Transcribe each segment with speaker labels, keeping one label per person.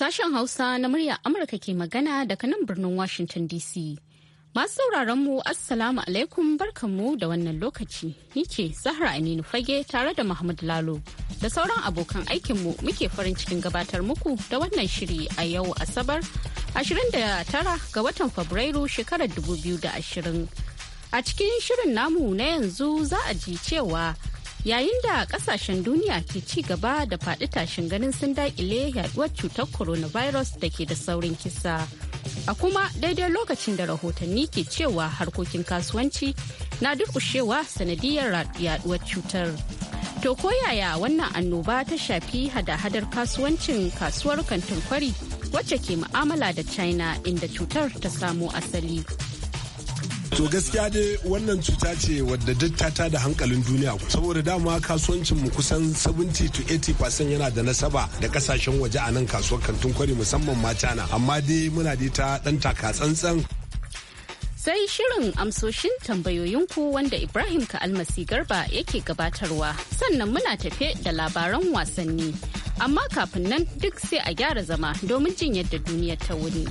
Speaker 1: Sashen Hausa na murya Amurka ke magana daga nan birnin Washington DC. Masu sauraron mu Assalamu alaikum barkanmu da wannan lokaci. Ni ce Zahra Aminu Fage tare da Muhammad Lalo da sauran abokan aikinmu muke farin cikin gabatar muku da wannan shiri a yau Asabar 29 ga watan Fabrairu shekarar 2020. A cikin shirin namu na yanzu za a ji cewa yayin da kasashen duniya ke ci gaba da faɗi tashin ganin sun daƙile yaduwar cutar coronavirus da ke da saurin kisa a kuma daidai lokacin da rahotanni ke cewa harkokin kasuwanci na durƙushewa sanadiyar yaduwar cutar to ko yaya wannan annoba ta shafi hada-hadar kasuwancin kasuwar kantin kwari wacce ke mu'amala da china inda cutar ta samo asali.
Speaker 2: To gaskiya dai wannan cuta ce wadda duk ta tada hankalin duniya saboda dama kasuwancin mu kusan 70 to 80% yana da nasaba da kasashen waje a nan kasuwar kantin kwari musamman mata na amma dai muna dai ta dan taka tsantsan
Speaker 1: sai shirin amsoshin tambayoyinku wanda Ibrahim ka almasi Garba yake gabatarwa sannan muna tafe da labaran wasanni amma kafin nan duk sai a gyara zama domin jin yadda duniyar ta wuni.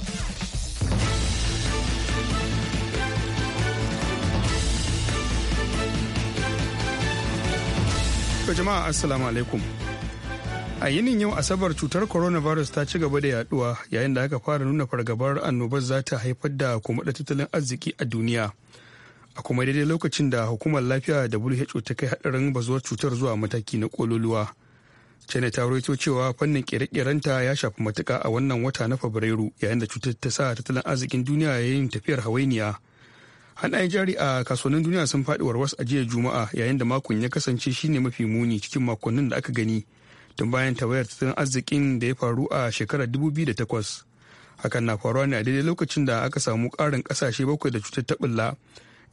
Speaker 2: To jama'a assalamu alaikum. A yinin yau asabar cutar coronavirus ta ci gaba da yaduwa yayin da aka fara nuna fargabar annobar za ta haifar da da tattalin arziki a duniya. A kuma daidai lokacin da hukumar lafiya da WHO ta kai hadarin bazuwar cutar zuwa mataki na kololuwa. China ta rawaito cewa fannin kere-kerenta ya shafi matuka a wannan wata na Fabrairu yayin da cutar ta sa tattalin arzikin duniya yayin tafiyar hawainiya. hannayen jari a kasuwannin duniya sun faɗi warwas a jiya juma'a yayin da makon ya kasance shine mafi muni cikin makonnin da aka gani tun bayan tawayar tattalin arzikin da ya faru a shekarar 2008 hakan na faruwa ne a daidai lokacin da aka samu ƙarin ƙasashe bakwai da cutar taɓilla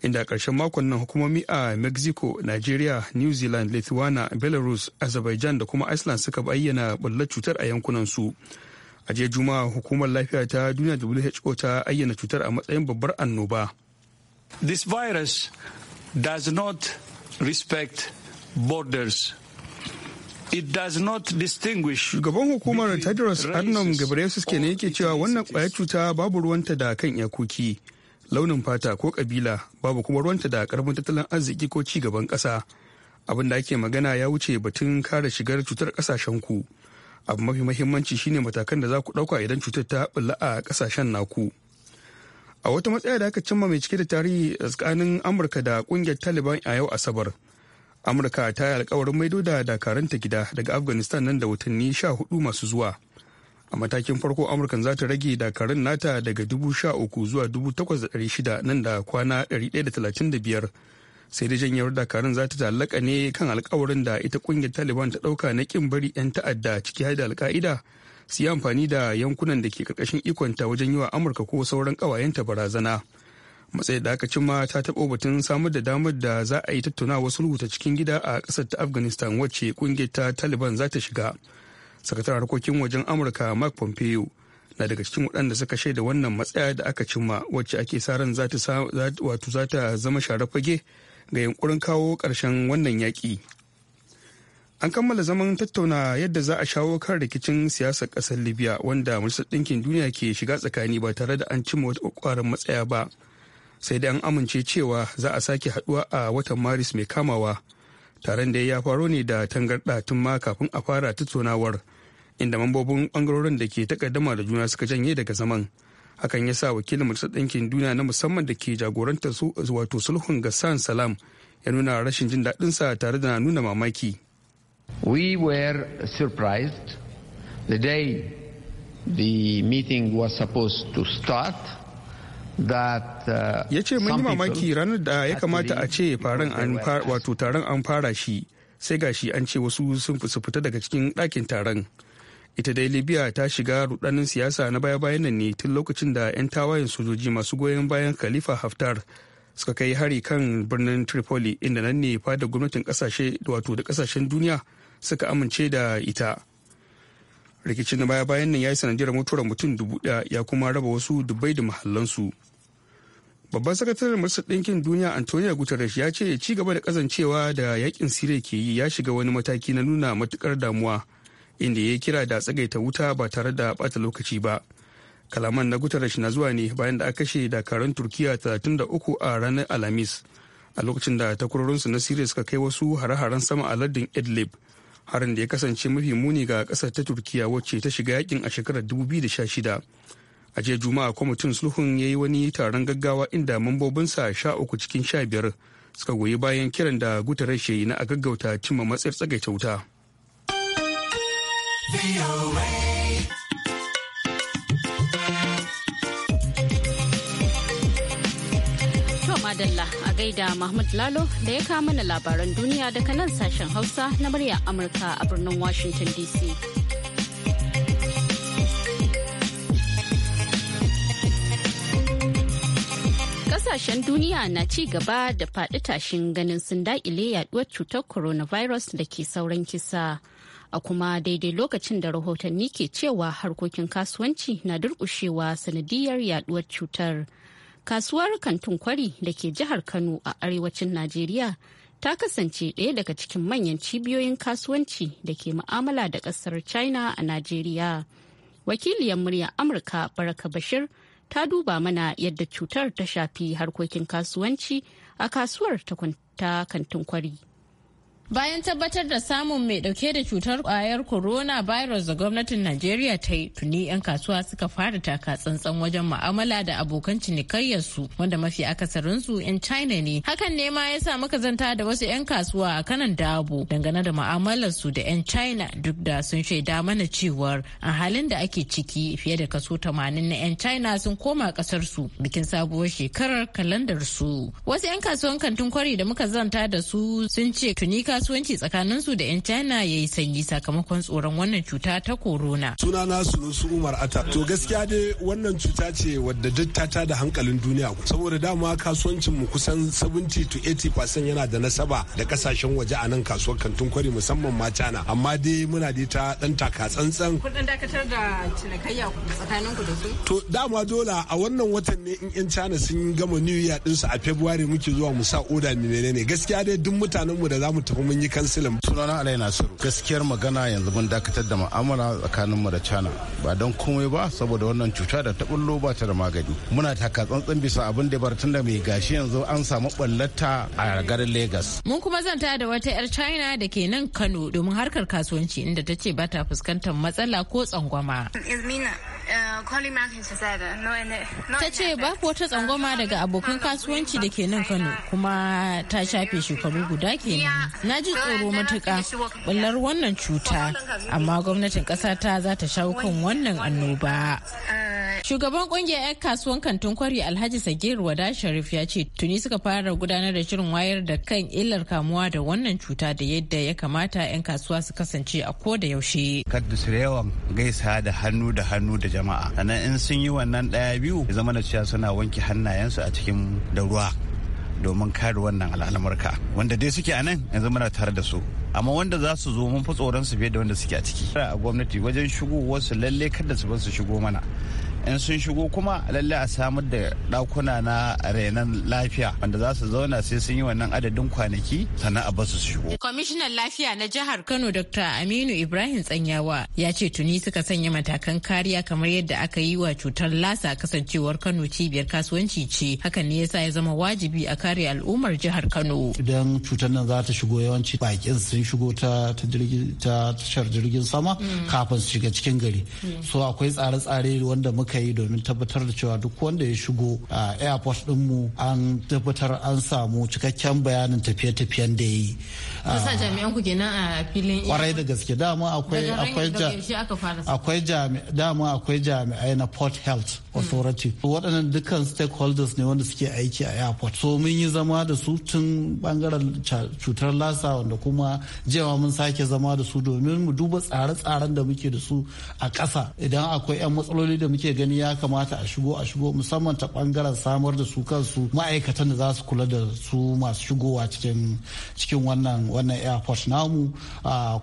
Speaker 2: inda ƙarshen makon nan hukumomi a mexico nigeria new zealand lithuania belarus azerbaijan da kuma iceland suka bayyana ɓullar cutar a yankunan su a jiya juma'a hukumar lafiya ta duniya who ta ayyana cutar a matsayin babbar annoba This virus does not respect borders. It does not distinguish. Shugaban hukumar Tedros Adhanom Ghebreyesus ne yake cewa wannan kwayar cuta babu ruwanta da kan iyakoki, launin fata ko kabila babu kuma ruwanta da karfin tattalin arziki ko ci gaban ƙasa. Abin da ake magana ya wuce batun kare shigar cutar ƙasashen ku. Abu mafi mahimmanci shine matakan da za ku ɗauka idan cutar ta bulla a ƙasashen naku. a wata matsaya da aka cimma mai cike da tarihi tsakanin amurka da kungiyar taliban a yau asabar amurka ta yi alkawarin maido da dakaranta gida daga afghanistan nan da watanni sha hudu masu zuwa a matakin farko amurka za ta rage dakarun nata daga dubu sha uku zuwa dubu takwas da ɗari shida nan da kwana ɗari ɗaya da talatin da biyar sai da janyar dakarun za ta ne kan alkawarin da ita kungiyar taliban ta ɗauka na kin bari 'yan ta'adda ciki har da alka'ida su yi amfani da yankunan da ke karkashin ikonta wajen yi wa amurka ko sauran kawayenta barazana matsayin da aka cimma ta taɓo batun samar da damar da za a yi tattauna wasu rubuta cikin gida a ƙasar ta afghanistan wacce ƙungiyar ta taliban za ta shiga sakataren harkokin wajen amurka mark pompeo na daga cikin waɗanda suka shaida wannan matsaya da aka cimma wacce ake sa ran za ta zama sharar fage ga yankurin kawo ƙarshen wannan yaƙi an kammala zaman tattauna yadda za a shawo kan rikicin siyasar ƙasar libya wanda majalisar ɗinkin duniya ke shiga tsakani ba tare da an cimma wata ƙwaƙwaran matsaya ba sai dai an amince cewa za a sake haɗuwa a watan maris mai kamawa taron da ya faro ne da tangarɗa tun ma kafin a fara tattaunawar inda mambobin ɓangarorin da ke takaddama da juna suka janye daga zaman hakan ya sa wakilin majalisar ɗinkin duniya na musamman da ke jagorantar su wato sulhun gassan salam ya nuna rashin jin daɗinsa tare da nuna mamaki
Speaker 3: We were
Speaker 2: surprised the day the meeting was supposed to start. Uh, ya ce mun yi mamaki ranar da ya kamata a ce wato taron an fara shi sai gashi an ce wasu sun fita daga cikin ɗakin taron ita dai libya ta shiga rudanin siyasa na baya-bayan nan ne tun lokacin da 'yan tawayen sojoji masu goyon bayan khalifa haftar suka kai hari kan birnin tripoli inda nan ne fada gwamnatin kasashe wato da kasashen duniya suka amince da ita rikicin na baya-bayan nan ya yi sanadiyar mutuwar mutum dubu ɗaya ya kuma raba wasu dubbai da mahallansu babban sakataren masu ɗinkin duniya antonio guterres ya ce ci gaba da kazancewa da yakin siriya ke yi ya shiga wani mataki na nuna matukar damuwa inda ya kira da tsagaita wuta ba tare da bata lokaci ba kalaman na guterres na zuwa ne bayan da aka kashe dakarun turkiya uku a ranar alhamis a lokacin da takwarorinsu na siriya suka kai wasu hare-haren sama a lardin idlib harin da ya kasance mafi muni ga kasar ta turkiya wacce ta shiga yakin a shekarar 2016 a jiya juma'a kwamitin sulhun ya yi wani taron gaggawa inda mambobinsa sha uku cikin sha biyar suka goyi bayan kiran da gutarar ya na a gaggauta cimma matsayar tsagaita wuta.
Speaker 1: Adalla a gaida Mahmud Lalo da ya kawo mana labaran duniya daga nan sashen Hausa na murya Amurka a birnin Washington DC. Kasashen duniya na ci gaba da faɗi tashin ganin sun daƙile yaduwar cutar coronavirus da ke sauran kisa. a kuma daidai lokacin da rahotanni ke cewa harkokin kasuwanci na durƙushewa sanadiyar yaduwar cutar. kasuwar kantin kwari da ke jihar kano a arewacin najeriya ta kasance ɗaya daga cikin manyan cibiyoyin kasuwanci da ke ma'amala da ƙasar china a najeriya wakiliyar muryar amurka baraka bashir ta duba mana yadda cutar ta shafi harkokin kasuwanci a kasuwar ta kantin kwari.
Speaker 4: Bayan tabbatar da samun mai dauke da cutar kwayar corona virus da gwamnatin Najeriya ta yi tuni 'yan kasuwa suka fara taka tsantsan wajen ma'amala da abokan cinikayyarsu wanda mafi akasarinsu 'yan China ne. Hakan ne ma ya sa muka zanta da wasu 'yan kasuwa a kanan dabo dangane da ma'amalarsu da 'yan China duk da sun shaida mana cewar a halin da ake ciki fiye da kaso 80 na 'yan China sun koma kasar su bikin sabuwar shekarar kalandar su. Wasu 'yan kasuwan kantin kwari da muka zanta da su sun ce tuni kasuwanci tsakanin su da 'yan China ya yi sanyi sakamakon tsoron wannan cuta ta corona. Sunana Sunusu
Speaker 2: Umar Ata. To gaskiya dai wannan cuta ce wadda duk ta tada hankalin duniya. Saboda dama kasuwancin mu kusan 70 to 80 yana da nasaba da kasashen waje a nan kasuwar kantin kwari musamman ma China. Amma dai muna dai ta dan taka tsantsan.
Speaker 4: kudin dakatar da cinikayya tsakanin ku da su?
Speaker 2: To dama dole a wannan watan ne in 'yan China sun gama New Year ɗinsu a February muke zuwa mu sa oda ne Gaskiya dai duk
Speaker 5: mutanen mu da za mu tafi mun yi kansilin. sunana alai nasiru gaskiyar magana yanzu mun dakatar da ma'amala tsakanin mu da china. ba don komai ba saboda wannan cuta da ta bullo ba ta da magani muna taka tsantsan bisa abin da bartun da mai gashi yanzu an samu ballata a garin lagos
Speaker 4: mun kuma zanta da wata yar china da ke nan kano domin harkar kasuwanci inda ta ce ba ta fuskantar matsala ko tsangwama
Speaker 1: Eh, ta ce
Speaker 4: babu wata tsangwama daga abokan kasuwanci da ke nan kano kuma ta shafe shekaru guda kenan na ji tsoro matuka ɓullar wannan cuta amma gwamnatin ƙasa ta za ta shawo kan wannan annoba eh, shugaban ƙungiyar 'yan kasuwan kantin kwari alhaji sagir wada sharif ya ce tuni suka fara gudanar da shirin wayar da kan illar kamuwa da wannan cuta da yadda ya kamata 'yan kasuwa su kasance a ko da yaushe
Speaker 5: gaisa da jama'a sannan in sun yi wannan ɗaya biyu zama da cewa suna wanke hannayensu a cikin da ruwa domin kare wannan al'amurka wanda dai suke a nan yanzu muna tare da su amma wanda za su zo mun fi tsoron su fiye da wanda suke a ciki a gwamnati wajen shigo wasu lalle kada su bar su shigo mana in sun shigo kuma lalle a samar da ɗakuna na renon lafiya wanda za su zauna sai sun yi wannan adadin kwanaki sannan a basu su shigo.
Speaker 4: kwamishinan lafiya na jihar kano dr aminu ibrahim tsanyawa ya ce tuni suka sanya matakan kariya kamar yadda aka yi wa cutar lasa kasancewar kano cibiyar kasuwanci ce hakan ne yasa ya zama wajibi a kare al'ummar
Speaker 5: jihar kano. idan cutar nan za ta shigo yawanci bakin sun shigo ta tashar jirgin sama mm. kafin su shiga cikin gari mm. so akwai tsare-tsare wanda muka aka yi domin tabbatar da cewa duk wanda ya shigo a airport mu an tabbatar an samu cikakken bayanin tafiye-tafiyen da ya yi. Kwarai da gaske dama akwai dama akwai jami'ai na Port Health Authority. Mm. Waɗannan dukkan stakeholders ne wanda suke aiki a airport. So mun yi zama da su tun bangaren cutar lasa wanda kuma jewa mun sake zama da su domin mu duba tsare-tsaren da muke da su a ƙasa idan akwai 'yan matsaloli da muke gani gani ya kamata a shigo a shigo musamman ta bangaren samar da su kansu ma'aikatan da za su kula da su masu shigowa cikin cikin wannan wannan airport namu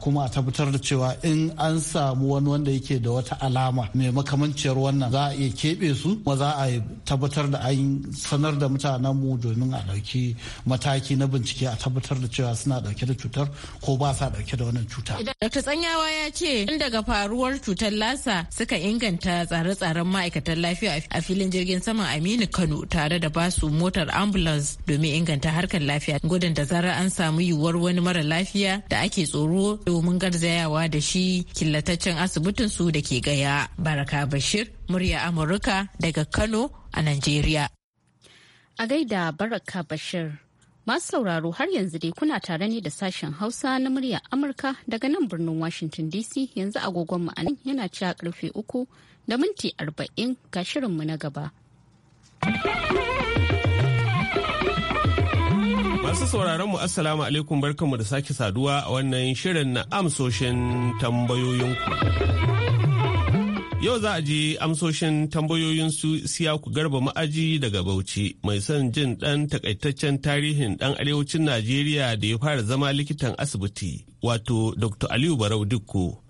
Speaker 5: kuma a tabbatar da cewa in an samu wani wanda yake da wata alama mai makamanciyar wannan za a iya keɓe su kuma za a tabbatar da an sanar da mutanen mu domin a ɗauki mataki na bincike a tabbatar da cewa suna ɗauke da cutar ko ba sa ɗauke da wannan cuta.
Speaker 4: Dr. Tsanyawa ya ce tun daga faruwar cutar lasa suka inganta tsare-tsaren ma'aikatan lafiya a filin jirgin saman Aminu Kano tare da basu motar ambulance domin inganta harkar lafiya. Gudun da zarar an samu yiwuwar wani mara lafiya da ake tsoro domin garzayawa da shi killataccen asibitin su da ke gaya. Baraka Bashir, murya Amurka daga Kano a nigeria.
Speaker 1: A gaida Baraka Bashir. Masu sauraro har yanzu dai kuna tare ne da sashen Hausa na murya Amurka daga nan birnin Washington DC yanzu agogon a nan yana ci karfe uku da minti arba'in ga shirinmu na gaba.
Speaker 6: Masu sauraron mu Assalamu alaikum barkanmu da sake saduwa a wannan shirin na amsoshin tambayoyinku. Yau za a ji amsoshin tambayoyin su siya ku garba ma'aji daga Bauchi mai son jin ɗan takaitaccen tarihin ɗan arewacin Najeriya da ya fara zama likitan asibiti wato Dr. Aliyu Barau Dikko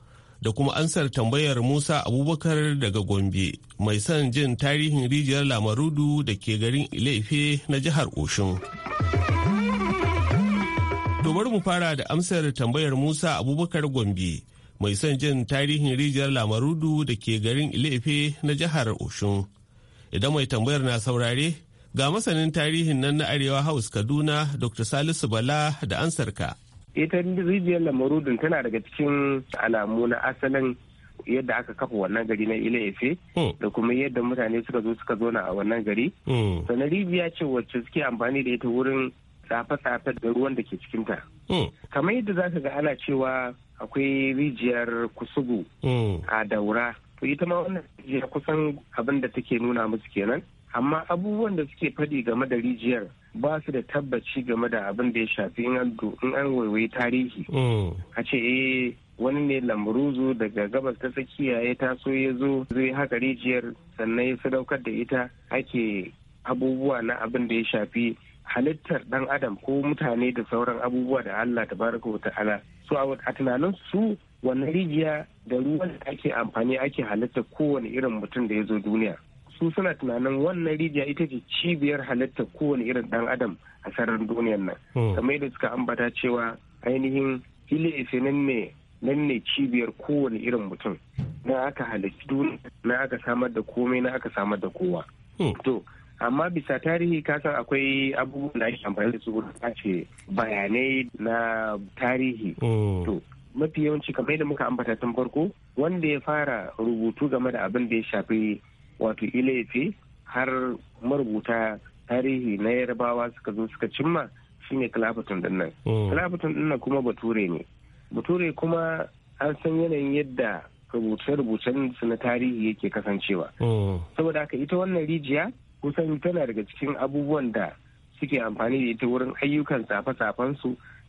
Speaker 6: da kuma ansar tambayar Musa Abubakar daga Gombe mai son jin tarihin rijiyar Lamarudu da ke garin Ilefe na jihar Oshun. Domin mu fara da amsar tambayar Musa Abubakar Gombe mai son jin tarihin rijiyar Lamarudu da ke garin Ilefe na jihar Oshun. Idan mai tambayar na saurare, ga masanin tarihin nan na Arewa House Kaduna Dr. Salisu Bala da ansarka.
Speaker 7: ita rijiyar lamarudin tana daga cikin alamu na asalin yadda aka kafa wannan gari na ile efe hmm. da kuma yadda mutane suka zo suka zo a wannan gari hmm. sannan rijiya ce wacce suke amfani da ita wurin tsafe-tsafe da ruwan da ke cikinta hmm. kamar yadda za ka ga ana cewa akwai rijiyar kusugu a daura to ita ma wannan rijiyar kusan abin da take nuna musu kenan amma abubuwan da suke faɗi game da rijiyar ba su da tabbaci game da abin da ya shafi in an waiwai tarihi mm. a ce eh wani ne lamburuzu daga gabas ta tsakiya ya taso ya zo zai haka rijiyar sannan ya sadaukar da ita ake abubuwa na abin da ya shafi halittar dan adam ko mutane da sauran abubuwa da allah baraka wa ta'ala su a tunanin su wannan rijiya da ruwan da ake amfani ake halitta kowane irin mutum da ya zo duniya su suna tunanin wannan rijiya ita ce cibiyar halittar kowane irin dan adam a sararin duniyar nan hmm. kamar yadda suka ambata cewa ainihin ile ife nan ne nan ne cibiyar kowane irin mutum na aka halittu, duniya na aka samar da komai na aka samar da kowa hmm. to amma bisa tarihi kasan akwai abubuwan da ake amfani da su wurin ce bayanai na tarihi hmm. to mafi yawanci kamar yadda muka ambata tun farko wanda ya fara rubutu game da abin da ya shafi wato ilefe har marubuta tarihi na yarbawa suka zo suka cimma shine kalafatun dinnan
Speaker 8: kalafatun
Speaker 7: mm. dinnan kuma bature ne bature kuma an san yanayin yadda rubuce-rubucen su na tarihi yake kasancewa mm. saboda haka ita wannan rijiya kusan tana daga cikin abubuwan da suke amfani da ita wurin ayyukan tsafe-tsafen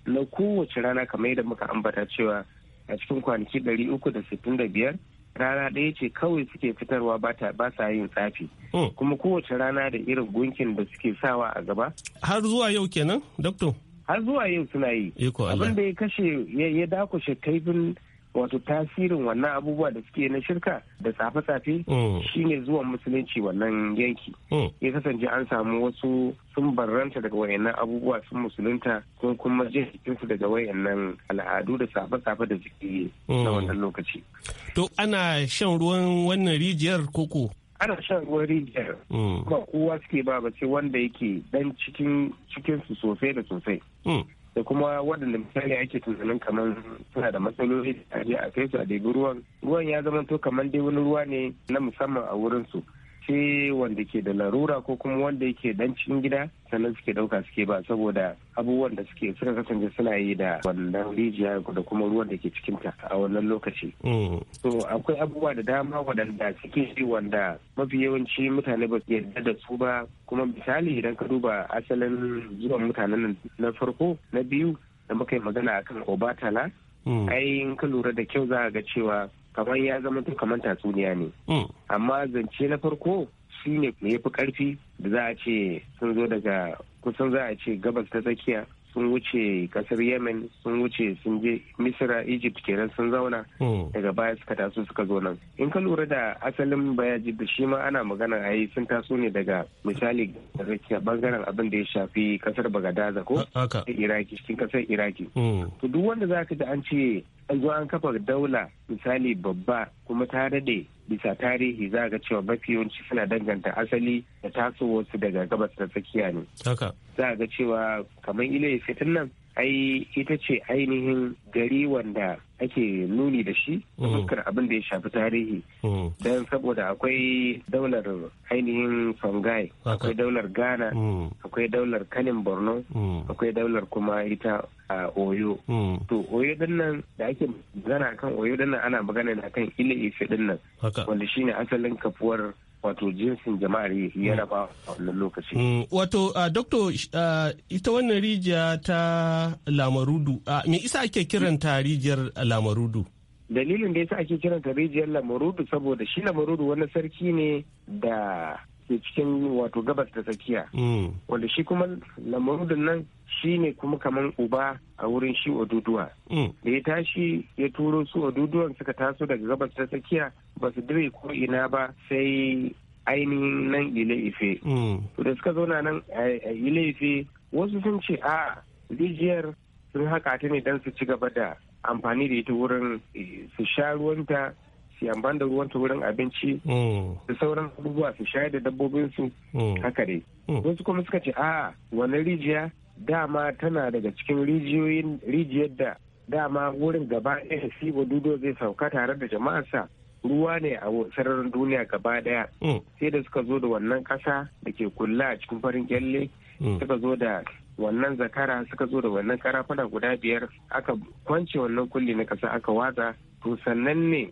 Speaker 7: na kowace rana kamar yadda muka ambata cewa a cikin kwanaki uku da da sittin biyar. rana ɗaya ce kawai suke fitarwa ba sa yin tsafi hmm. kuma kowace rana da irin gunkin da suke sawa a gaba har zuwa yau kenan doktor har zuwa yau suna yi abin da ya kashe ya dakushe kaifin wato tasirin wannan abubuwa da suke na shirka da tsafe-tsafe mm. shine zuwan musulunci wannan yanki mm. ya kasance an samu wasu sun barranta daga wayannan abubuwa sun musulunta sun kuma je su daga wayannan al'adu da tsafe-tsafe da suke na mm. wannan lokaci.
Speaker 6: To ana shan ruwan wannan rijiyar koko?
Speaker 7: ana shan ruwan rijiyar Kuma kowa suke ba ba ce wanda yake dan cikin cikin su sosai da sosai da kuma waɗanda misali ake tunanin kamar suna da matsaloli a a kai su a ruwan ruwan ya zama to kamar dai wani ruwa ne na musamman a wurin su sai wanda ke da larura ko kuma wanda yake dan cikin gida sannan suke dauka suke ba saboda abubuwan da suke suka kasance suna yi da wannan rijiya da kuma ruwan da ke cikinta a wannan lokaci. So mm. akwai abubuwa da dama waɗanda suke yi wanda mafi yawanci mutane ba su yarda da su ba kuma misali idan ka duba asalin zuwan mutanen na farko na biyu da muka yi magana akan obatala. Mm. Ai in ka lura da kyau za a ga cewa kamar ya zama to kamar tatsuniya ne hmm. amma zance na farko shine me fi karfi da za a ce sun zo daga kusan za a ce gabas ta tsakiya sun wuce kasar yemen sun wuce sun je misira egypt kenan sun zauna hmm. daga baya suka taso suka zo nan in ka lura da asalin bayaji da shi ma ana magana a yi sun taso ne daga misali daga bangaren abin da ya shafi kasar bagadaza ko iraki cikin kasar iraki hmm. to duk wanda zaka da an ce an zo an kafa daula misali babba kuma ta daɗe bisa tarihi za ga cewa mafi yawanci suna danganta asali da tasowarsu daga gabas na tsakiya ne. Za ga cewa kamar ilayi fitin nan ai ita ce ainihin gari wanda ake nuni da shi da mm-hmm. fuskar abin da ya shafi tarihi mm-hmm. don saboda akwai daular ainihin fangai akwai daular ghana mm-hmm. akwai daular kanin borno akwai daular kuma ita a oyo to oyo dinnan da ake magana kan oyo dinnan ana magana da kan ile ife dinnan wanda shine asalin kafuwar wato jinsin jama'ar yaraba mm. a wannan lokaci. Mm.
Speaker 6: Wato, uh, doktor uh, ita wannan rijiya ta lamarudu, uh, me isa ake kiranta rijiyar lamarudu?
Speaker 7: Dalilin da yasa ake kiranta rijiyar lamarudu saboda shi lamarudu wani sarki ne da ke cikin wato gabas da tsakiya mm. wanda shi kuma lamarudin nan shi ne kuma kaman uba a wurin shi oduduwa mm. da ya tashi ya turo su oduduwan suka taso daga gabas da tsakiya ba su dire ko ina ba sai ainihin nan ile ife mm. da suka zauna nan a ile ife wasu sun ce a rijiyar sun haƙa ta ne don su ci gaba da amfani da ita wurin eh, su sha ruwanta su da ruwan wurin abinci mm. da sauran abubuwa su shayar da dabbobin su mm. haka dai mm. wasu kuma suka ce a wani rijiya dama tana daga cikin rijiyoyin rijiyar da dama wurin gaba ɗaya sibo dudo zai sauka tare da jama'arsa ruwa ne a sararin duniya gaba ɗaya sai da suka zo da wannan ƙasa da ke kulla a cikin farin kyalle suka zo da wannan zakara suka zo da wannan karafuna guda biyar aka kwance wannan kulli na ƙasa aka watsa to sannan ne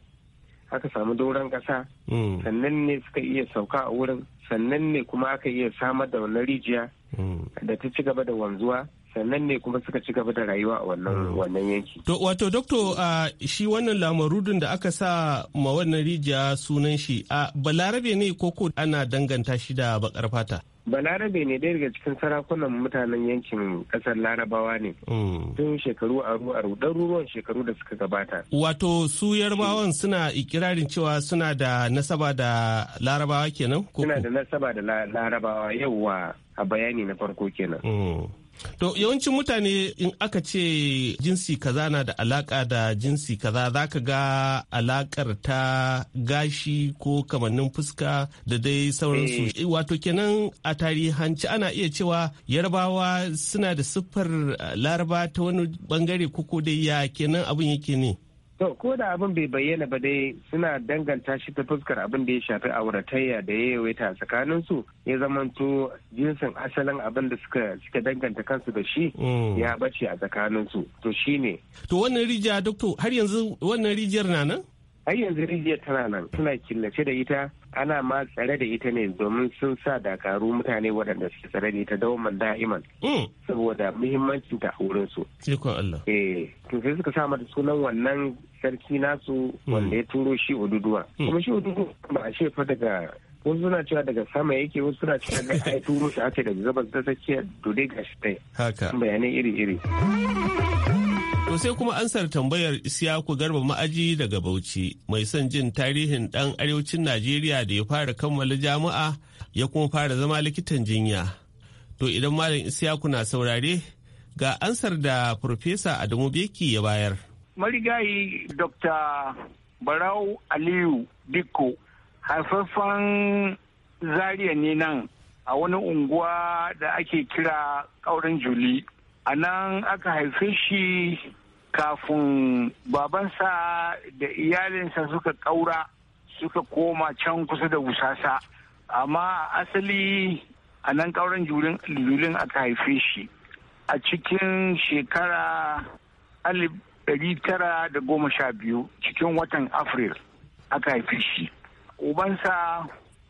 Speaker 7: aka samu doron ƙasa mm. sannan ne suka iya sauka a wurin sannan ne kuma aka iya samar da wannan rijiya mm. da ta ci gaba da wanzuwa sannan ne kuma suka ci gaba da rayuwa a wannan mm. wannan yanki.
Speaker 6: To wato doktor shi wannan lamarudin da aka sa ma wannan rijiya sunan shi a balarabe ne ko ana danganta shi da bakar fata?
Speaker 7: balarabe ne ɗaya daga cikin sarakunan mutanen yankin ƙasar larabawa ne mm. tun shekaru aru aru ɗaruruwan shekaru da suka gabata
Speaker 6: wato su yarbawan suna ikirarin cewa suna da nasaba da larabawa kenan
Speaker 7: suna da nasaba da larabawa yauwa a bayani na farko kenan mm.
Speaker 6: To yawancin mutane in aka ce jinsi kaza na da alaka da jinsi kaza za ka ga alakar ta gashi ko kamannin fuska da dai sauransu. Eh. Wato kenan a tarihanci ana iya cewa yarbawa suna da siffar eh, laraba ta wani bangare koko dai ya kenan abin yake ne.
Speaker 7: To, ko da abin bai bayyana ba dai suna danganta shi ta fuskar abin da ya shafi auratayya da ya yawaita tsakanin su ya zamanto jinsin asalin abin da suka suka danganta kansu da shi mm. ya bace a tsakanin su. To shine. To wannan rijiya doktor har yanzu wannan rijiyar na nan? Har yanzu rijiyar tana nan suna killace da ita ana ma tsare da ita ne domin sun sa dakaru mutane waɗanda su tsare da ita dawaman da'iman hmm. saboda muhimmancin ta wurin su eh to sai suka sa mata sunan wannan sarki nasu hmm. wanda ya turo shi ududuwa hmm. kuma shi ududuwa ba a shefa daga wasu suna cewa daga sama yake wasu suna cewa da ai turo shi ake da zaba ta tsakiya dole dai gashi dai bayanai iri-iri
Speaker 6: To sai kuma ansar tambayar Isiyaku Garba Ma'aji daga Bauchi mai son jin tarihin ɗan arewacin Najeriya da ya fara kammala jami'a ya kuma fara zama likitan jinya. To idan Malam Isiyaku na saurare ga ansar da Farfesa Adamu Beki ya bayar.
Speaker 3: Marigayi Dr. Barau Aliyu Dikko haifaffen zariya ne nan a wani unguwa da ake kira ƙauren Juli. a nan aka haife shi kafin babansa da iyalinsa suka ƙaura suka koma can kusa da wusasa amma asali a nan kauran julin aka haife shi a cikin shekara alif dari tara da goma sha biyu cikin watan afril aka haife shi ubansa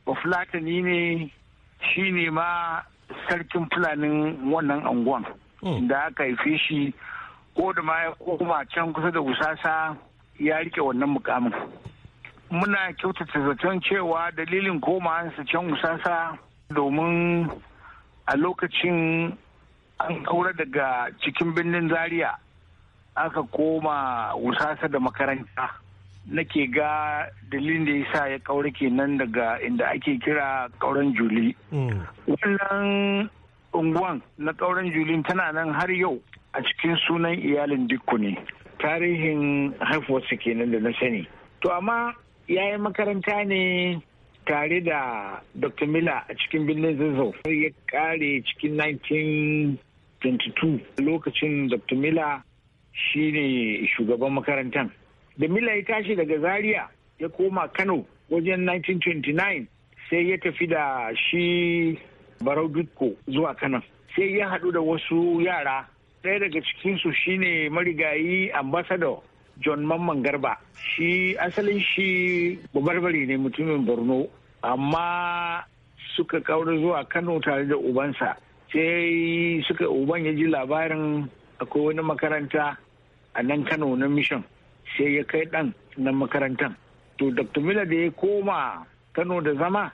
Speaker 3: bafulatani ne shi ne ma sarkin fulanin wannan anguwan hmm. da aka haife shi ko da ma ya koma can kusa da usasa ya rike wannan mukamin muna kyautata zaton cewa dalilin komawansa can usasa domin a lokacin an kaura daga cikin birnin zaria aka koma usasa da makaranta nake ga dalilin da ya sa ya kaura kenan daga inda ake kira kauran juli mm. wannan unguwan na ƙauren julin tana nan har yau a cikin sunan iyalin dikku ne tarihin haifuwarsa kenan da na sani to amma ya yi makaranta ne tare da dr miller a cikin birnin zazzau ya kare cikin 1922 lokacin dr miller shine shugaban makarantar da miller ya tashi daga zaria ya koma kano wajen 1929 sai ya tafi da shi barau dukko zuwa kanan sai ya haɗu da wasu yara ɗaya daga cikinsu shine marigayi ambassador john mamman garba shi asalin shi bari ne mutumin borno amma suka kauri zuwa kano tare da ubansa sai suka uban ya ji labarin akwai wani makaranta a nan kano na mission sai ya kai ɗan na makarantan to dr miller da ya koma kano da zama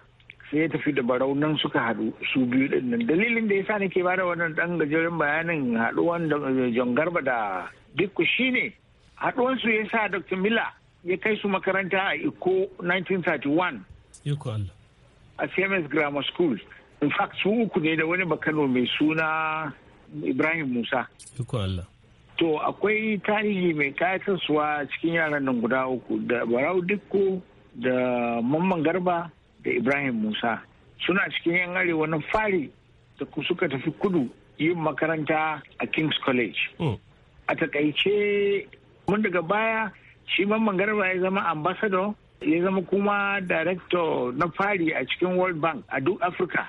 Speaker 3: sai ya tafi da barau nan suka haɗu su biyu ɗin dalilin da ya sa nake bada wannan ɗan gajeren bayanin haɗuwan eh, John Garba da Dikku shine haɗuwan su ya sa Dr. Miller ya kai su makaranta a Iko 1931 a CMS Grammar School in fact su uku ne da wani bakano mai suna Ibrahim Musa to akwai tarihi mai kayatarsuwa cikin yaran nan guda uku da Barau Dikku da Mamman Garba da ibrahim musa suna cikin yan arewa na fari da suka tafi kudu yin makaranta a king's college hmm. a takaice mun daga baya shi mamman garba ya zama ambassador ya zama kuma director na fari a cikin world bank a duk Africa.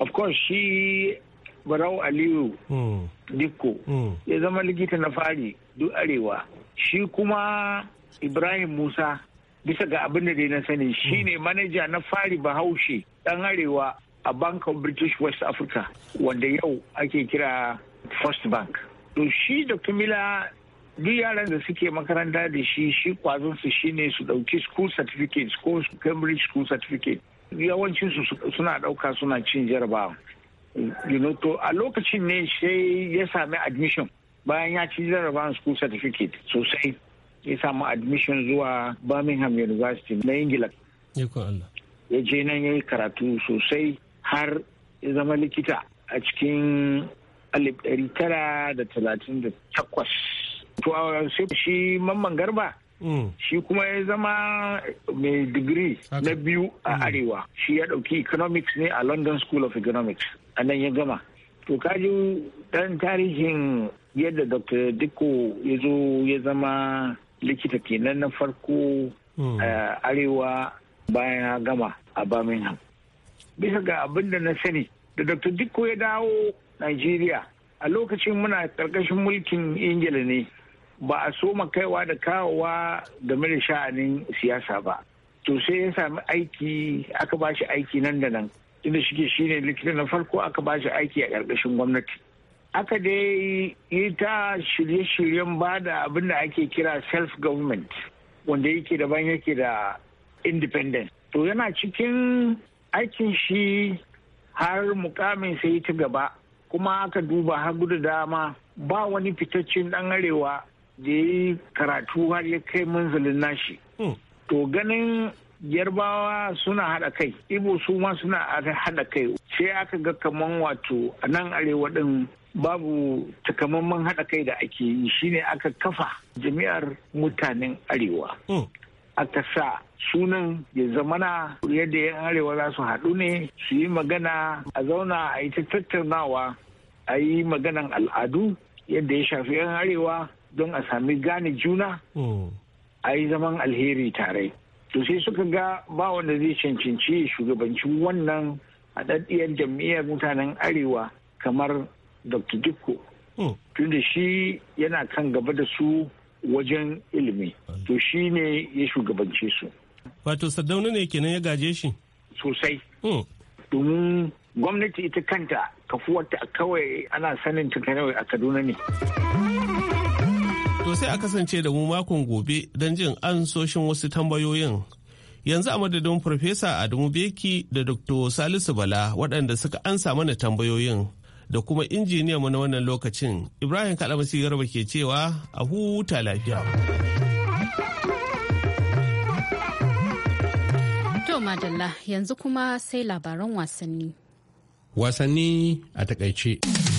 Speaker 3: of course shi barau aliyu hmm. dikko hmm. ya zama likita na fari duk arewa shi kuma ibrahim musa bisa ga abin da dai na sani shine manaja na fari bahaushe dan arewa a bank of british west africa wanda yau ake kira first bank to shi dr mila duk yaran da suke makaranta da shi shi kwazon su shine su dauki school certificate ko cambridge school certificate yawancin su suna dauka suna cin jarabawa you know to a lokacin ne sai ya sami admission bayan ya ci jarabawan school certificate sosai ya samu admission zuwa Birmingham University na Ingila. Ya je nan ya yi karatu sosai har ya zama likita a cikin 1938. To sai shi mamman garba mm. shi kuma ya zama mai digiri na biyu a mm. arewa shi ya ɗauki economics ne a london school of economics a nan ya gama to ka kaji ɗan tarihin yadda dr dikko ya zo ya zama likita kenan na farko hmm. eh, arewa bayan ya gama a birmingham bisa ga abin da na sani da dr dikko ya dawo najeriya a lokacin muna karkashin mulkin ingila ne ba a soma kaiwa da kawowa game da sha'anin siyasa ba to sai ya sami aiki aka bashi aiki nan da nan inda shi ne likita na farko aka bashi aiki a karkashin gwamnati aka dai yi ta shirye-shiryen ba da abin da ake kira self-government wanda yake daban yake da independence to yana cikin aikin shi har mukamin sai ta gaba kuma aka duba har gudu dama ba wani fitaccen ɗan arewa da ya yi karatu har ya kai manzalin nashi hmm. to ganin yarbawa suna haɗa kai ibo su ma suna haɗa kai sai aka ga kaman wato a nan arewa ɗin babu takamaiman haɗa kai da ake yi shine aka kafa jami'ar mutanen arewa hmm. aka sa sunan ya zamana yadda yan arewa za su haɗu ne su yi magana a zauna a yi ta tattaunawa a yi maganan al'adu yadda ya shafi yan arewa don a sami gane juna hmm. a yi zaman alheri tare to sai suka ga ba wanda zai cancanci shugabancin wannan haɗaɗɗiyar jam'iyyar mutanen arewa kamar dr dikko hmm. tunda shi yana kan gaba da su wajen ilimi to shi ne ya shugabance su wato sardauna ne kenan ya gaje shi sosai hmm. domin gwamnati ita kanta kafuwarta kawai ana sanin ta kawai a kaduna ne.
Speaker 6: To sai a kasance da mu makon gobe don jin ansoshin wasu tambayoyin. Yanzu a madadin Farfesa Adamu Beki da Dr. Salisu Bala waɗanda suka ansa mana tambayoyin da kuma injiniyan mu na wannan lokacin Ibrahim Kalamasi Garba ke cewa a huta lafiya.
Speaker 1: To madalla yanzu kuma sai labaran wasanni.
Speaker 2: Wasanni a takaice.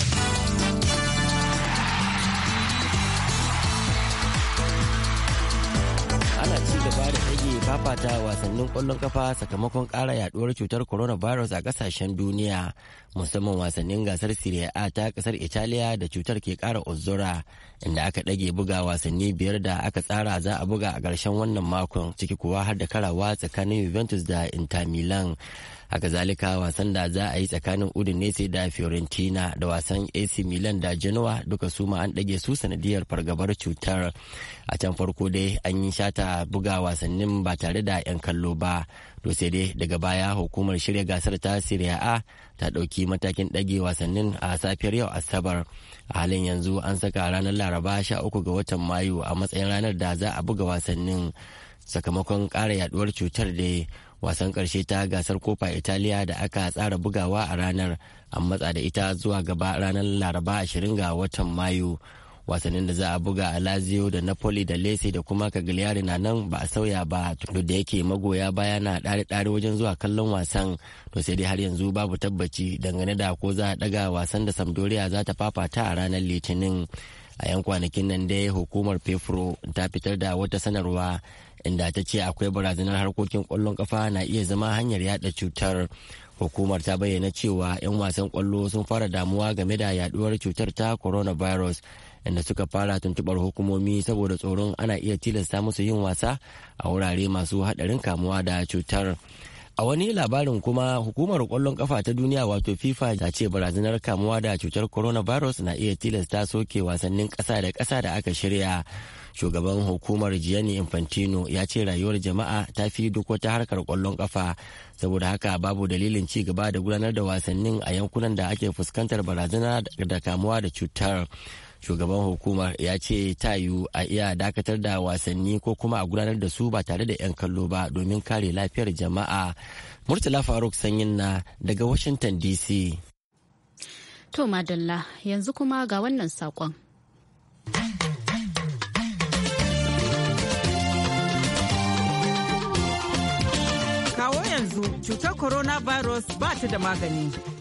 Speaker 9: fafata wasannin kwallon kafa sakamakon kara yaduwar cutar coronavirus a kasashen duniya musamman wasannin gasar Serie A ta kasar Italiya da cutar ke kara ozura inda aka dage buga wasanni biyar da aka tsara za a buga a karshen wannan makon ciki kuwa har da karawa tsakanin Juventus da Inter Milan. haka zalika wasan da za a yi tsakanin udinese da fiorentina da wasan ac milan da genoa duka su ma an dage su sanadiyar fargabar cutar a can farko dai an yi shata buga wasannin ba tare haɗu da 'yan kallo ba to sai dai daga baya hukumar shirya gasar ta siriya a ta ɗauki matakin ɗage wasannin a safiyar yau asabar a halin yanzu an saka ranar laraba 13 ga watan mayu a matsayin ranar da za a buga wasannin sakamakon ƙara yaduwar cutar da wasan ƙarshe ta gasar kofa italiya da aka tsara bugawa a ranar an matsa da ita zuwa gaba ranar laraba 20 ga watan mayu wasannin da za a buga a lazio da napoli da lese da kuma cagliari na nan ba a sauya ba duk da yake magoya baya na ɗare-ɗare wajen zuwa kallon wasan to sai dai har yanzu babu tabbaci dangane da ko za a daga wasan da sampdoria za ta fafata a ranar litinin a yan kwanakin nan dai hukumar fefro ta fitar da wata sanarwa inda ta ce akwai barazanar harkokin kwallon kafa na iya zama hanyar yada cutar hukumar ta bayyana cewa 'yan wasan kwallo sun fara damuwa game da yaduwar cutar ta coronavirus inda suka fara tuntubar hukumomi saboda tsoron ana iya tilasta musu yin wasa a wurare masu haɗarin kamuwa da cutar. A wani labarin kuma hukumar kwallon kafa ta duniya wato FIFA ta ce barazanar kamuwa da cutar coronavirus na iya tilasta soke wasannin kasa da ƙasa da aka shirya. Shugaban hukumar Gianni Infantino ya ce rayuwar jama'a ta fi duk wata harkar kwallon kafa saboda haka babu dalilin ci gaba da gudanar da wasannin a yankunan da ake fuskantar barazana da kamuwa da cutar. shugaban hukumar ya ce ta yiwu a iya dakatar da wasanni ko kuma a gudanar da su ba tare da 'yan kallo ba domin kare lafiyar jama'a murtala faruk sanyin na daga washington dc
Speaker 1: to madalla yanzu kuma ga wannan sakon
Speaker 4: kawo yanzu cutar coronavirus ba ta da magani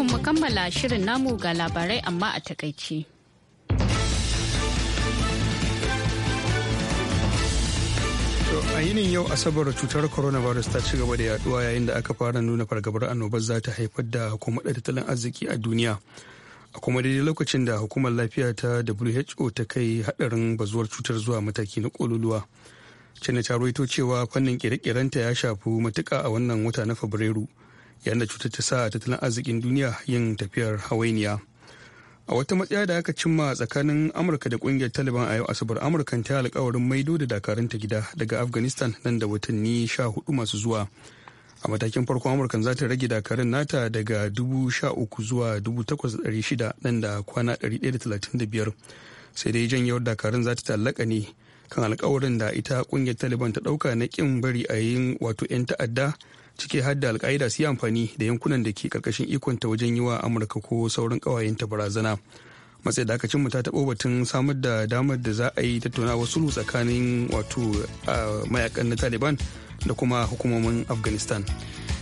Speaker 1: Kafin mu kammala shirin namu ga labarai amma a takaice
Speaker 2: a yinin yau asabar cutar coronavirus ta ci gaba da yaduwa yayin da aka fara nuna fargabar annobar za ta haifar da kuma da tattalin arziki a duniya a kuma daidai lokacin da hukumar lafiya ta who ta kai hadarin bazuwar cutar zuwa mataki na kololuwa cina ta roito cewa fannin kere-kerenta ya shafi matuka a wannan wata na fabrairu yadda cutar ta sa tattalin arzikin duniya yin tafiyar hawainiya a wata matsaya da aka cimma tsakanin amurka da kungiyar taliban a yau asabar amurka ta alkawarin maido da ta gida daga afghanistan nan da watanni sha hudu masu zuwa a matakin farko amurka za ta rage dakarun nata daga dubu sha uku zuwa dubu takwas ɗari shida nan da kwana ɗari ɗaya da talatin da biyar sai dai janyewar dakarun za ta tallaka ne kan alkawarin da ita kungiyar taliban ta ɗauka na ƙin bari a yin wato 'yan ta'adda ciki har da alka'ida su yi amfani da yankunan da ke karkashin ikonta wajen yi wa amurka ko sauran ta barazana matsayi da mu ta taɓo batun samar da damar da za a yi wasu sulhu tsakanin wato mayakan na taliban da kuma hukumomin afghanistan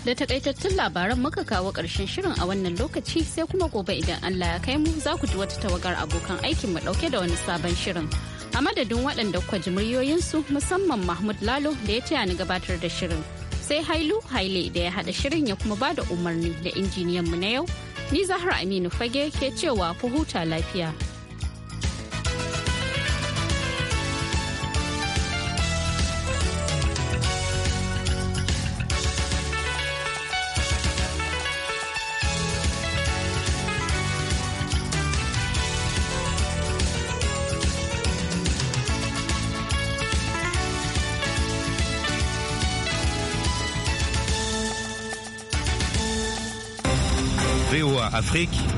Speaker 1: da takaitattun labaran muka kawo ƙarshen shirin a wannan lokaci sai kuma gobe idan allah ya kai mu za ku ji wata tawagar abokan aikin mu ɗauke da wani sabon shirin a madadin waɗanda kwa muryoyinsu musamman mahmud lalo da ya taya ni gabatar da shirin sai hailu haile da ya haɗa shirin ya kuma bada umarni da injiniyanmu na yau ni zahra aminu fage ke cewa ku huta lafiya.
Speaker 6: Afrique